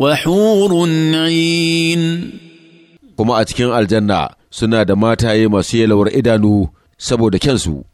وحور عين kuma a cikin aljanna suna da mataye masu yalawar idanu saboda kyansu